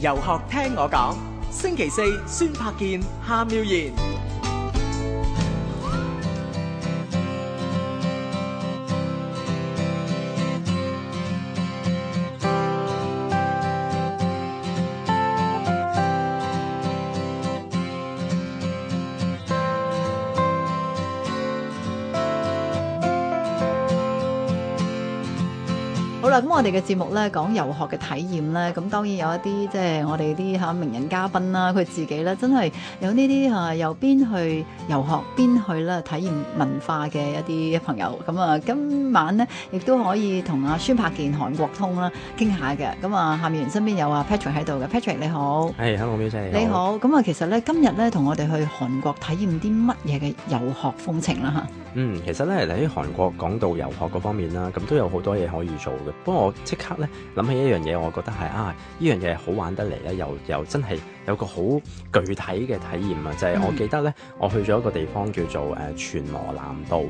遊學聽我講，星期四，宣柏健、夏妙然。好啦，咁我哋嘅節目咧講遊學嘅體驗咧，咁、嗯、當然有一啲即係我哋啲吓名人嘉賓啦，佢自己咧真係有呢啲吓，由、啊、邊去遊學邊去啦，體驗文化嘅一啲朋友。咁、嗯、啊，今晚咧亦都可以同阿宣柏健、韓國通啦傾下嘅。咁、嗯、啊，夏妙然身邊有阿、啊、Patrick 喺度嘅，Patrick 你好，係，hey, hello ,你好，你好。咁啊，其實咧今日咧同我哋去韓國體驗啲乜嘢嘅遊學風情啦吓。嗯，其實咧喺韓國講到遊學嗰方面啦，咁都有好多嘢可以做嘅。不過我即刻咧諗起一樣嘢，我覺得係啊，呢樣嘢好玩得嚟咧，又又真係有個好具體嘅體驗啊！就係我記得咧，我去咗一個地方叫做誒全羅南道。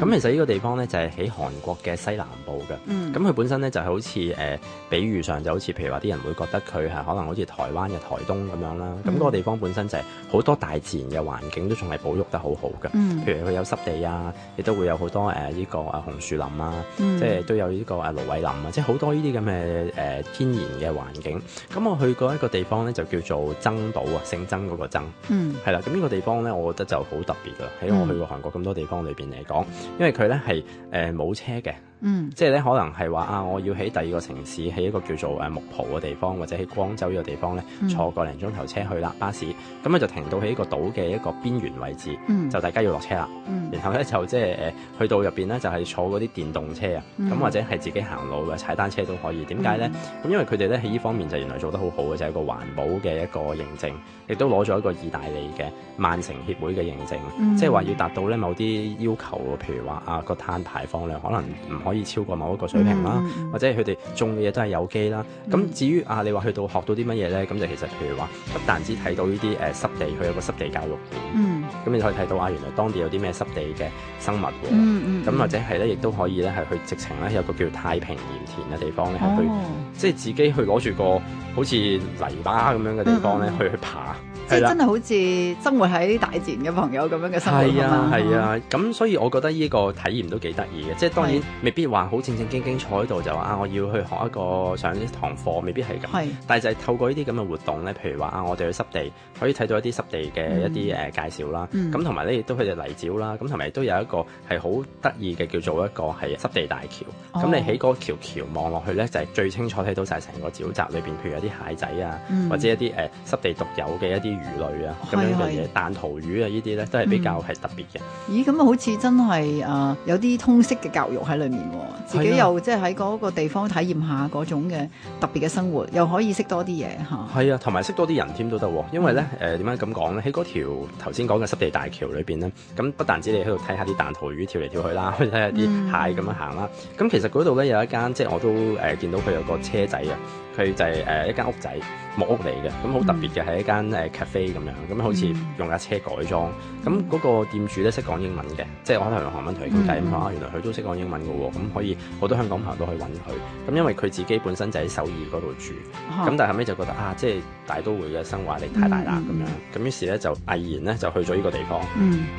咁其實呢個地方咧就係喺韓國嘅西南部嘅。咁佢本身咧就係好似誒，比喻上就好似譬如話啲人會覺得佢係可能好似台灣嘅台東咁樣啦。咁嗰個地方本身就係好多大自然嘅環境都仲係保育得好好嘅。譬如佢有濕地啊，亦都會有好多誒呢個啊紅樹林啊，即係都有呢個啊蘆葦林。啊！即係好多呢啲咁嘅誒天然嘅環境。咁我去過一個地方咧，就叫做曾島啊，姓曾嗰個曾。嗯。係 啦，咁呢個地方咧，我覺得就好特別啦。喺我去過韓國咁多地方裏邊嚟講，因為佢咧係誒冇車嘅。嗯，即係咧，可能係話啊，我要喺第二個城市，喺一個叫做誒木浦嘅地方，或者喺光州呢個地方咧，嗯、坐個零鐘頭車去啦，巴士，咁啊就停到喺個島嘅一個邊緣位置，嗯、就大家要落車啦。嗯、然後咧就即係誒去到入邊咧就係、是、坐嗰啲電動車啊，咁、嗯、或者係自己行路嘅踩單車都可以。點解咧？咁、嗯、因為佢哋咧喺呢方面就原來做得好好嘅，就係、是、一個環保嘅一個認證，亦都攞咗一個意大利嘅慢城協會嘅認證，嗯、即係話要達到咧某啲要求，譬如話啊，啊，啊個碳排放量可能唔可以超過某一個水平啦，mm hmm. 或者佢哋種嘅嘢都係有機啦。咁、mm hmm. 至於啊，你話去到學到啲乜嘢咧？咁就其實譬如話，不但止睇到呢啲誒濕地，佢有個濕地教育點。嗯、mm。咁、hmm. 你就可以睇到啊，原來當地有啲咩濕地嘅生物。嗯咁、mm hmm. 或者係咧，亦都可以咧，係去直情咧有個叫太平鹽田嘅地方咧，去即係自己去攞住個好似泥巴咁樣嘅地方咧，去、mm hmm. 去爬。 真係好似生活喺大自然嘅朋友咁樣嘅生活啊嘛，係啊，咁、啊嗯、所以我覺得呢個體驗都幾得意嘅。即係當然未必話好正正經經坐喺度就話啊，我要去學一個上啲堂課，未必係咁。是但係就係透過呢啲咁嘅活動咧，譬如話啊，我哋去濕地可以睇到一啲濕地嘅一啲誒介紹啦、嗯。嗯。咁同埋呢，亦都佢哋泥沼啦，咁同埋都有一個係好得意嘅叫做一個係濕地大橋。哦。咁你喺嗰條橋望落去呢，就係最清楚睇到晒成個沼澤裏邊，譬如有啲蟹仔啊，或者一啲誒、呃、濕地獨有嘅一啲。魚類啊，咁樣嘅嘢，彈塗魚啊，呢啲咧都係比較係特別嘅、嗯。咦，咁啊，好似真係啊，有啲通識嘅教育喺裏面，自己又、啊、即係喺嗰個地方體驗下嗰種嘅特別嘅生活，又可以識多啲嘢吓。係啊，同埋、啊、識多啲人添都得。因為咧，誒、嗯，點樣咁講咧？喺嗰條頭先講嘅濕地大橋裏邊咧，咁不但止你喺度睇下啲彈塗魚跳嚟跳去啦，可以睇下啲蟹咁樣行啦。咁、嗯、其實嗰度咧有一間，即係我都誒、呃、見到佢有個車仔啊。佢就係誒一間屋仔木屋嚟嘅，咁好特別嘅係一間誒 cafe 咁樣，咁好似用架車改裝，咁嗰個店主咧識講英文嘅，即係我可能用韓文同佢傾偈咁啊，原來佢都識講英文嘅喎，咁可以好多香港朋友都去揾佢，咁因為佢自己本身就喺首爾嗰度住，咁但係後尾就覺得啊，即係大都會嘅生活壓力太大啦，咁樣，咁於是咧就毅然咧就去咗呢個地方，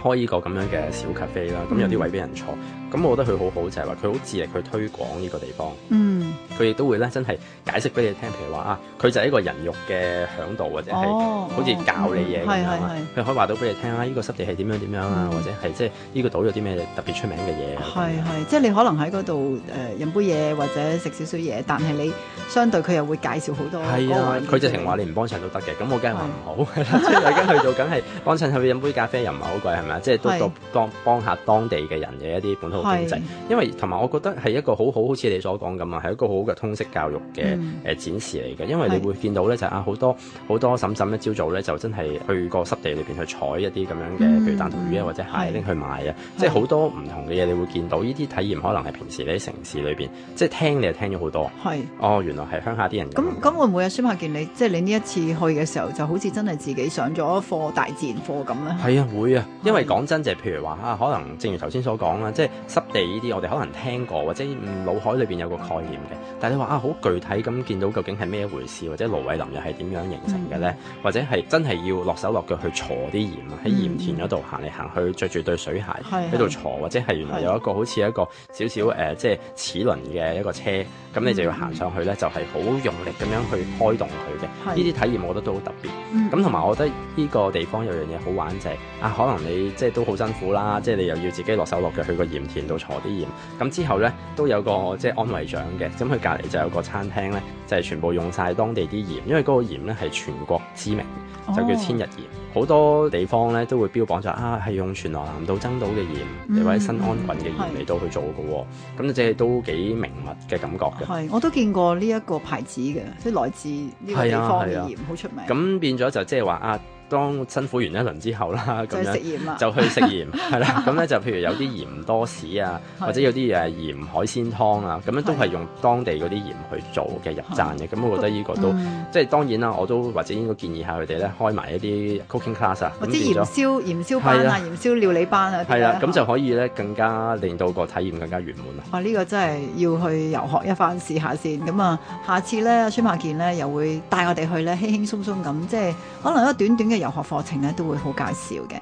開呢個咁樣嘅小 cafe 啦，咁有啲位俾人坐。咁我覺得佢好好就係話佢好致力去推廣呢個地方，嗯，佢亦都會咧真係解釋俾你聽，譬如話啊，佢就係一個人肉嘅嚮導或者係好似教你嘢佢、哦哦嗯、可以話到俾你聽啊，呢、嗯、個濕地係點樣點樣啊，嗯、或者係即係呢個島有啲咩特別出名嘅嘢，係係、嗯，即係你可能喺嗰度誒飲杯嘢或者食少少嘢，但係你相對佢又會介紹好多，係啊，佢直情話你唔幫襯都得嘅，咁我梗係話唔好，即係已經去到梗係幫襯，去飲杯咖啡又唔係好貴係咪啊？即係都當幫，是是幫下當地嘅人嘅一啲本土是因為同埋我覺得係一個好好，好似你所講咁啊，係一個好好嘅通識教育嘅誒展示嚟嘅。因為你會見到咧，就是、啊好多好多嬸嬸一朝早咧，就真係去個濕地裏邊去採一啲咁樣嘅，譬如彈塗魚啊，或者蟹拎是去賣啊。即係好多唔同嘅嘢，你會見到呢啲體驗，可能係平時你喺城市裏邊即係聽，你就聽咗好多。係是，哦，原來係鄉下啲人那。咁咁，會唔會啊宣柏健你，即係你呢一次去嘅時候，就好似真係自己上咗課大自然課咁啦。係啊，會啊，因為講真，就係譬如話啊，可能正如頭先所講啦，即、就、係、是。濕地呢啲我哋可能聽過或者腦海裏邊有個概念嘅，但係你話啊好具體咁見到究竟係咩一回事，或者蘆葦林又係點樣形成嘅呢？嗯、或者係真係要落手落腳去坐啲鹽啊，喺鹽、嗯、田嗰度行嚟行去，着住對水鞋喺度坐，嗯、或者係原來有一個、嗯、好似一個少少誒即係齒輪嘅一個車，咁你就要行上去呢，就係、是、好用力咁樣去開動佢嘅。呢啲、嗯、體驗我覺得都好特別。咁同埋我覺得呢個地方有樣嘢好玩就係、是、啊，可能你即係都好辛苦啦，即、就、係、是、你又要自己落手落腳去個鹽田。鹽度坐啲鹽，咁之後咧都有個即係安慰獎嘅，咁佢隔籬就有個餐廳咧，就係、是、全部用晒當地啲鹽，因為嗰個鹽咧係全國知名，就叫千日鹽，好、哦、多地方咧都會標榜就啊係用全羅南道曾島嘅鹽，或者新安郡嘅鹽嚟到去做嘅，咁即係都幾名物嘅感覺嘅。係，我都見過呢一個牌子嘅，即係來自呢個地方嘅鹽好出、啊啊、名。咁變咗就即係話啊。當辛苦完一輪之後啦，咁樣去鹽就去食鹽，係啦。 咁咧就譬如有啲鹽多士啊， 是的 或者有啲誒鹽海鮮湯啊，咁樣都係用當地嗰啲鹽去做嘅入饌嘅。咁是的 我覺得呢個都、嗯、即係當然啦，我都或者應該建議下佢哋咧開埋一啲 cooking class 啊，或者鹽燒鹽燒班啊，鹽燒的料理班啊，係啦，咁就可以咧更加令到個體驗更加圓滿啊！哇，呢個真係要去遊學一番試下先。咁啊，下次咧阿宣柏健咧又會帶我哋去咧輕輕鬆鬆咁，即係可能一短短嘅。.遊學課程呢都會好介紹嘅。